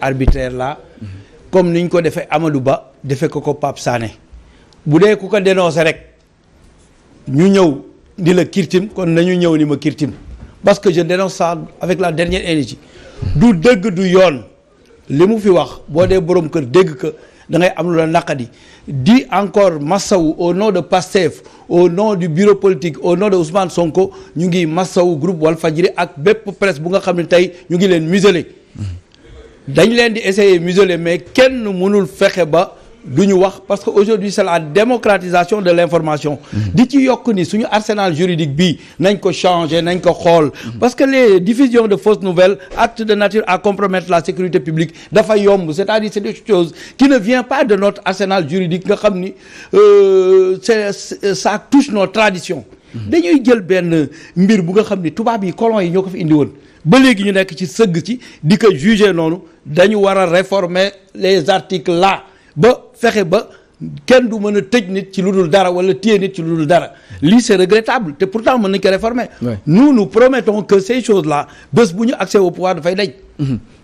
arbitraire la comme niñ ko defee Amadou Ba defee ko ko Pape Sané bu dee ku ko dénoncé rek ñu ñëw di la kirtim kon nañu ñëw ni ma kirtim parce que je dénonce ça avec la dernière énergie du dëgg du yoon li mu fi wax boo dee borom kër dégg ko da ngay am lu la naqadi di encore massawu au nom de Pastef au nom du bureau politique au nom de Ousmane Sonko ñu ngi massawu groupe Walfadjri ak bépp presse bu nga xam ne tey ñu ngi leen muselé dañu leen di essayer museler mais kenn munul fexe ba du ñu wax parce que aujourd'hui c'est la démocratisation de l'information mhm. di ci yokk ni suñu arsenal juridique bi nañ ko changer nañ ko xool mhm. parce que les diffusions de fausses nouvelle actes de nature à compromettre la sécurité publique dafa yomb c'est-à-dire c'est des choses qui ne vient pas de notre arsenal juridique nga xam ni euh, c'est ça touche nos traditions mhm. dañuy jël benn mbir bu nga xam ni tubaab yi colons yi ñoo ko fi indi ba léegi ñu nekk ci sëgg ci di ko juger noonu dañu war a réformer les articles là ba fexe ba kenn du mën a tëj nit ci lu dul dara wala téye nit ci lu dul dara lii c'est regrettable te pourtant mën nañu ko réformer nu nous promettons que ces choses là bés bu ñu accès au pouvoir dafay daj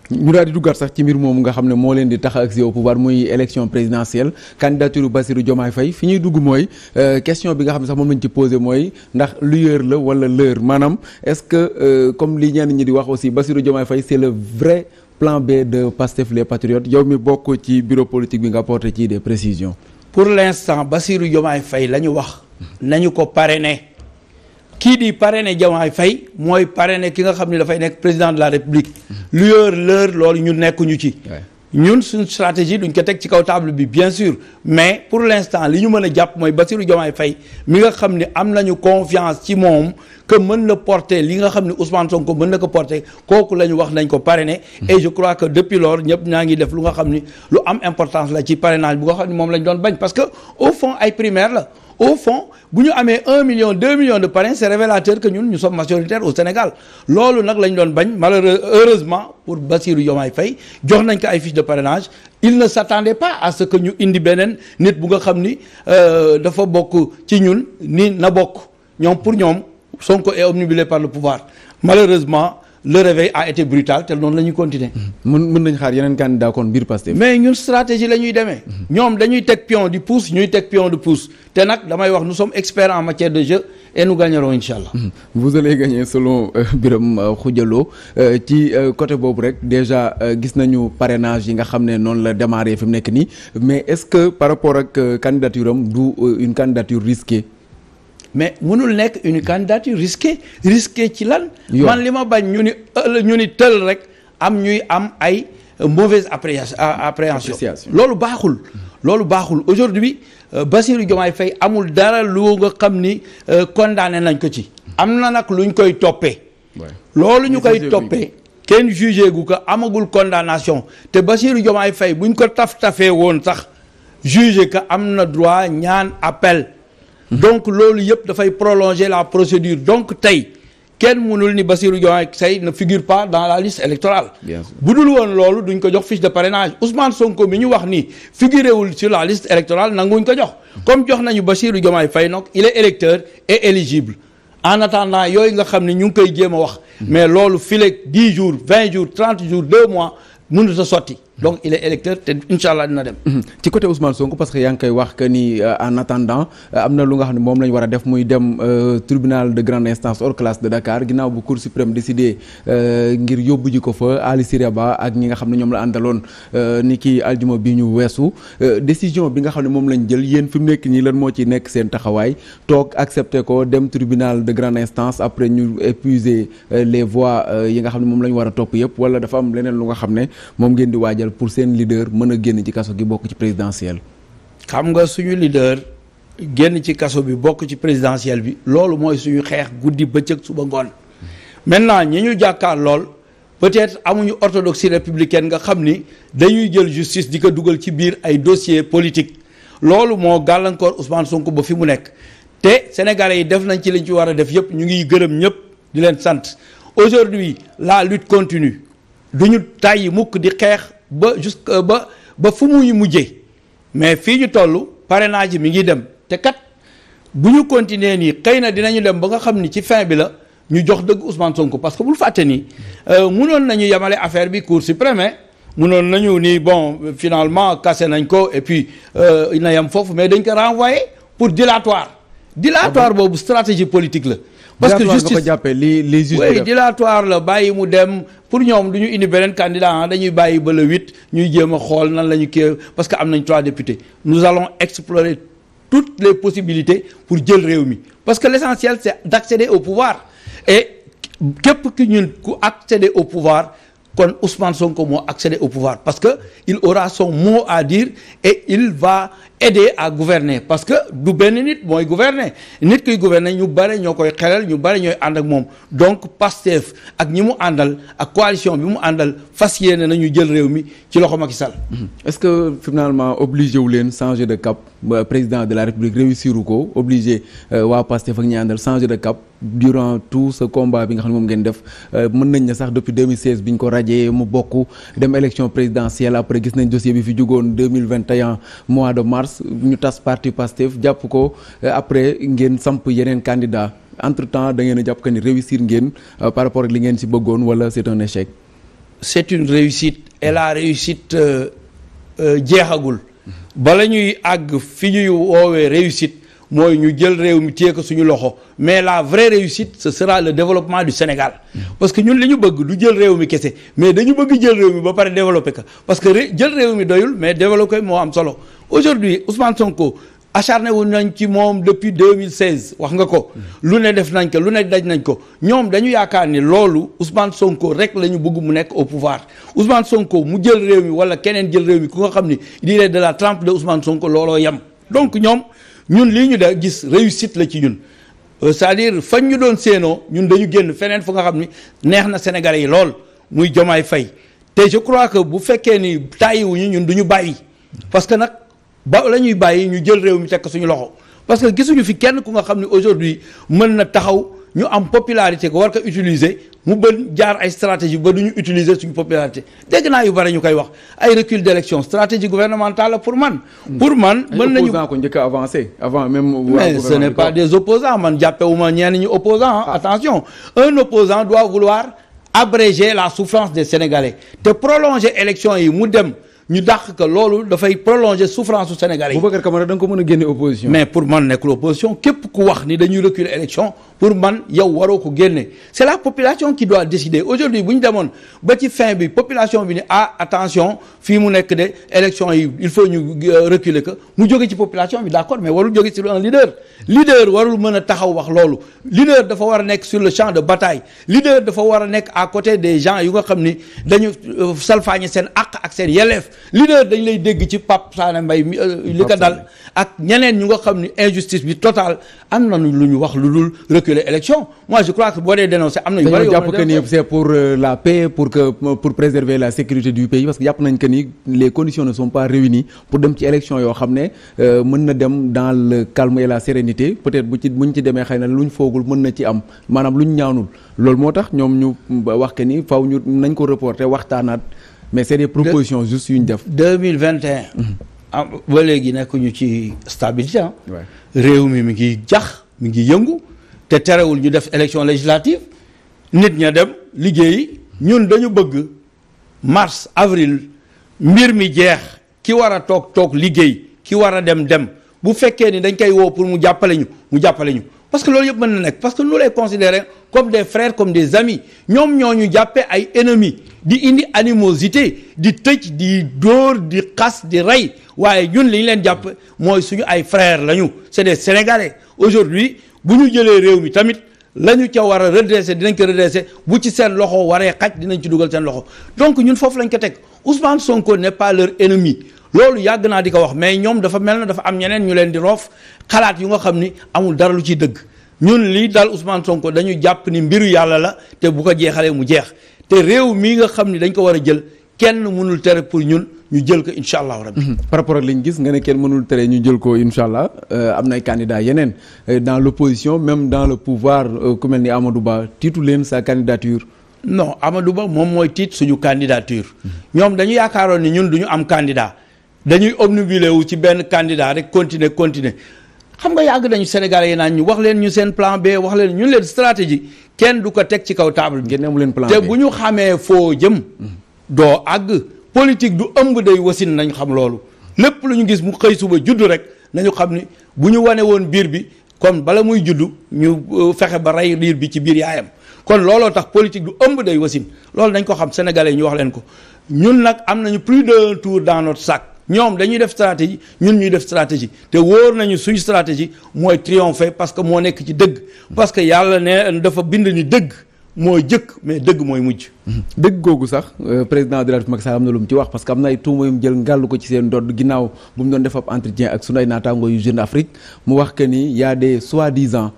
ñu daa di duggaat sax ci mbir moomu nga xam ne moo leen di tax ak si au pouvoir muy élection présidentielle candidature Bassirou Diomaye Faye fi ñuy dugg mooy euh, question bi nga xam ne sax moom lañ ci posé mooy ndax l'heure la wala l'heure maanaam est-ce que euh, comme li ñenn ñi di wax aussi Bassirou Diomaye Faye c'est le vrai plan B de Pastef les Patriotes yow mi bokk ci bureau politique bi nga porté ci des précisions. pour l' ba siiru Diomaye Faye la ñu wax. nañu ko ne kii di pare ne Diomaye Faye mooy pare ne ki nga xam ne dafay nekk président de la République. Mm-hmm. lueur l'heure loolu ñu nekkuñu ci. ñun suñ stratégie duñ ko teg ci kaw table bi bien sûr mais pour l'instant li ñu mën a jàpp mooy Bassirou Diomaye Faye mi nga xam ne am nañu confiance ci moom que mën na porter li nga xam ne Ousmane Sonko mën na ko porte kooku la ñu wax nañ ko parrainer hmm. et je crois que depuis lors ñëpp ñaa ngi def lu nga xam ni lu am importance la ci pare parrainage bu nga xam ne moom lañ doon bañ parce que au fond ay primaire la au fond bu ñu amee un million deux million de parrains c'est révélateur que ñun ñu sommes majoritaires au Sénégal loolu nag lañ doon bañ malheureusement heureusement pour Bassirou ay Faye jox nañ ko ay fiches de parrainage il ne s'attendait pas à ce que ñu indi beneen nit bu nga xam ni euh, dafa bokk ci ñun ni na bokk ñoom pour ñoom sonk est omnibulé par le pouvoir malheureusement le réveil a été brutal te noonu la ñuy mun mën mën nañ xaar yeneen candidat kon biir Pastef. mais ñun stratégie la ñuy demee. ñoom dañuy teg pion di pousse ñuy teg pion di pousse te nag damay wax nous sommes experts en matière de jeu et nous gagnerons incha allah. vous allez gagner selon euh, Birame euh, Khoudia euh, ci côté boobu rek déjà gis nañu parrainage yi nga xam ne noonu la démarré fi mu nekk nii mais est-ce que par rapport ak candidature am du une candidature risquée. mais mënul nekk une candidature risquée risquée ci lan man li ma bañ ñu ni ñu ni tël rek am ñuy am ay euh, mauvaise appréhension loolu baaxul loolu baaxul aujourd'hui euh, Bassirou Diomaye Faye amul dara lu nga xam ni euh, condamné nañ ko ci am na nag luñ koy toppee loolu ñu koy toppee kenn jugé gu ko amagul condamnation te Bassirou Diomaye Faye buñ ko taf tafee woon sax jugé que am na droit ñaan appel donc loolu yëpp dafay prolonger la procédure donc tey kenn mënul ni Bassirou Diomaye Faye na figure pas dans la liste électorale bu dul woon loolu duñ ko jox fiche de parrainage Ousmane Sonko mi ñu wax ni figuréwul sur la liste électorale nanguñ ko jox comme jox nañu Bassirou Diomaye Faye nag il est électeur et éligible en attendant yooyu nga xam ne ñu ngi koy jéem a wax mais loolu fileeg 10 jours 20 jours 30 jours 2 mois mënut a sotti donc il est électeur te incha allah dina dem. Mhm. ci côté Ousmane Sonko parce que yaa ngi koy wax que ni euh, en attendant euh, am na lu nga xam ne moom war a def muy dem euh, tribunal de grande instance hors classe de Dakar ginnaaw bu cour suprême décidé ngir yóbbu ji ko fa Ali Siré Ba ak ñi nga xam ne ñoom la àndaloon ni ki aljuma bi ñu weesu décision bi nga xam ne moom lañ jël yéen fi mu nekk nii lan moo ci nekk seen taxawaay toog ko dem tribunal de grande après ñu épuiser les voies yi nga xam ne moom la ñu war topp yëpp wala dafa am leneen lu nga xam ne moom ngeen di waajal essentiel pour seen leader mën a génn ci kaso gi bokk ci présidentiel. xam nga suñu leader génn ci kaso bi bokk ci présidentiel bi loolu mooy suñu xeex guddi bëccëg suba ngoon maintenant ñi ñu jàkkaar lool peut-être amuñu orthodoxie républicaine nga xam ni dañuy jël justice di ko dugal ci biir ay dossier politique loolu moo gàllankoor Ousmane Sonko ba fi mu nekk te sénégalais yi def nañ ci liñ ci war a def yëpp ñu ngi gërëm ñëpp di leen sant aujourd'hui la lutte ba jusque euh, ba ba fu muy mujje mais fii ñu toll naa ji mi ngi dem te kat bu ñu continuer nii xëy na dinañu dem ba nga xam ni ci fin bi la ñu jox dëgg Ousmane ko parce que bul fàtte nii euh, munoon nañu yemale affaire bi Cour suprême munoon nañu ni bon finalement cassé nañ ko et puis euh, na yem foofu mais dañ ko renvoyé pour dilatoire dilatoire ah boobu stratégie politique la parce que justice jàppee li li justice dilatoire la bàyyi mu dem pour ñoom du ñu indi beneen candidat ah, dañuy bàyyi ba le huit ñuy jéem a xool nan la ñu kii parce que am nañ trois députés nous allons explorer toutes les possibilités pour jël réew mi parce que l' essentiel c' d' accéder au pouvoir et képp ki ñun ku accéder au pouvoir kon Ousmane Sonko moo accédé au pouvoir parce que il aura son mot à dire et il va aider à gouverner parce que du benn nit mooy gouverner nit kuy gouverner ñu bare ñoo koy xelal ñu bare ñooy ànd ak moom donc Pastef ak ñi mu àndal ak coalition bi mu àndal fas na ñu jël réew mi ci loxo Macky Sall. est-ce que finalement obligé wu leen changer de cap président de la République réussiru ko obligé euh, waa Pastef ak ñi àndal changer de cap. durant tout ce combat bi nga xam ne moom ngeen def euh, mën nañ ne sax depuis 2016 bi ko rajee mu bokk dem élection présidentielle après gis nañ dossier bi fi jugoon mois de mars ñu tas parti Pastef jàpp ko euh, après ngeen samp yeneen candidat entre temps da ngeen a jàpp que ni réussir ngeen euh, par rapport ak li ngeen ci bëggoon wala c'est un échec c'est une réussite et la réussite jeexagul bala ñuy àgg fi ñuy woowee réussite mooy ñu jël réew mi téye ko suñu loxo mais la vraie réussite ce sera le développement du Sénégal parce que ñun li ñu bëgg du jël réew mi kese mais dañu bëgg jël réew mi ba pare développer ka parce que jël réew mi doyul mais développer moo am solo aujourd'hui Ousmane Sonko acharné wu nañ ci moom depuis 2016 wax nga ko lu ne def nañ ko lu ne daj nañ ko ñoom dañu yaakaar ni loolu Ousmane Sonko rek la ñu bëgg mu nekk au pouvoir Ousmane Sonko mu jël réew mi wala keneen jël réew mi ku nga xam ni il est de la trempe de Ousmane Sonko looloo yem donc ñun lii ñu da gis réussite la ci ñun euh, cest à fañ ñu doon séenoo ñun dañu génn feneen fu nga xam ni neex na sénégal yi lool muy jomaay Faye te je crois que bu fekkee ni tàyyiwuñu ñun du ñu bàyyi parce que nag ba la bàyyi ñu jël réew mi teg suñu loxo parce que gisuñu fi kenn ku nga xam ni aujourd'hui mën na taxaw ñu am popularité ko war ko utiliser mu bën jaar ay stratégie ba du ñu utiliser suñu popularité dégg naa yu bari ñu koy wax ay recul d'élection stratégie gouvernementale la pour man. Hmm. pour man mën nañu opposants ko njëkk a avancé avant même. mais ce n'est pas des opposants man jàppewuma ñenn ñu opposants ah. attention un opposant doit vouloir abréger la souffrance de Sénégalais te prolonger élection yi mu dem. ñu dàq que loolu dafay prolonger souffrance sénégal Sénégalais yi. Boubacar Camara da nga ko mën a génne opposition. mais pour man nekkul opposition képp ku wax ni dañuy reculer élection pour man yow waroo ko génne c' la population ki doit décider aujourd'hui bu ñu demoon ba ci fin bi population bi ni ah attention fii mu nekk de élection yi il faut ñu euh, reculer ko mu jóge ci population bi d' accord mais warul jóge sur un leader. leader warul mën a taxaw wax loolu leader dafa war a nekk sur le champ de bataille leader dafa war a nekk à côté des gens yu nga xam ni dañu euh, salfaañe seen àq ak seen leader dañu lay dégg ci Pape Sané mbay mi euh, li ko dal ak ñeneen ñi nga xam ni injustice bi total am na lu ñu wax lu dul reculer élection moi je crois que boo dee dénoncé am nañu dañoo jàpp que ni c'est pour euh, la paix pour que préserver la sécurité du pays parce que jàpp nañ que ni les conditions ne sont pas réunies pour dem ci élection yoo xam ne euh, mën na dem dans le calme et la sérénité peut-être bu ci buñ ci demee xëy na lu ñu foogul mën na ci am maanaam luñ ñaanul loolu moo tax ñoom ñu wax que ni faw ñu nañ ko reporter waxtaanaat mais c'est des propositions de, juste yu ñu def. deux mille vingt et un. Mm-hmm. Ah, ba léegi nekkuñu ci stabilité ah. réew mi mi ngi jax mi ngi yëngu te terewul ñu def élection législative nit ña dem liggéey ñun dañu bëgg mars avril mbir mi jeex ki war a toog toog liggéey ki war a dem dem bu fekkee ni dañ koy woo pour mu jàppale ñu mu jàppale ñu. parce que loolu yëpp mën na nekk parce que nous les considérons comme des frères comme des amis ñoom ñoo ñu jàppee ay ennemis di indi animosité di tëj di dóor di xas di rey waaye ñun li ñu leen jàpp mooy suñu ay frères lañu c'est des sénégalais aujourd'hui bu ñu jëlee réew mi tamit la ñu ca war a redresser dinañ ko redresser bu ci seen loxo waree xaj dinañ ci dugal seen loxo donc ñun foofu lañ ko teg Ousmane Sonko n'est pas leur ennemi. loolu yàgg naa di ko wax mais ñoom dafa mel na dafa am ñeneen ñu leen di roof xalaat yu nga xam ni amul dara lu ciy dëgg ñun lii daal Ousmane Sonko dañu jàpp ni mbiru yàlla la te bu ko jeexalee mu jeex te réew mii nga xam ni dañ ko war a jël kenn mënul tere pour ñun ñu jël ko incha allahu rabi. Mhm. par rapport ak li ñu gis nga ne kenn mënul tere ñu jël ko incha allah euh, am na ay yeneen euh, dans l' opposition même dans le pouvoir euh, ku mel ni Amadou Ba tiitu leen sa non Amadou Ba moom mooy tiit suñu candidature. Mhm. ñoom dañu yaakaaroon ni ñun du ñu am candidat. dañuy obnubilé wu ci benn candidat rek continuer continuer xam nga yàgg nañu Sénégalais yi naa ñu wax leen ñu seen plan B wax leen ñun leen stratégie kenn du ko teg ci kaw taabal bi. amu leen plan te bu ñu xamee foo jëm. doo àgg politique du ëmb day wasin nañ xam loolu lépp lu ñu gis mu xëy suba juddu rek nañu xam ni bu ñu wane woon biir bi comme bala muy juddu ñu euh, fexe ba rey biir bi ci biir yaayam kon looloo tax politique du ëmb day wasin loolu nañ ko xam sénégalais yi ñu wax leen ko ñun nag am nañu plus d'un tour dans notre ñoom dañuy def stratégie ñun ñuy def stratégie te wóor nañu suñu stratégie mooy triompher parce que moo nekk ci dëgg parce que yàlla ne dafa bind ni dëgg mooy jëkk mais dëgg mooy mujj dëgg googu sax euh, président de la République Macky Sall am na lu mu ci wax parce que am na ay tuuma yu jël ngàllu ko ci seen ndodd ginnaaw bu mu doon def ab entretien ak su ay naataangoo yu Jeune Afrique mu wax que ni yaa a des soi-disant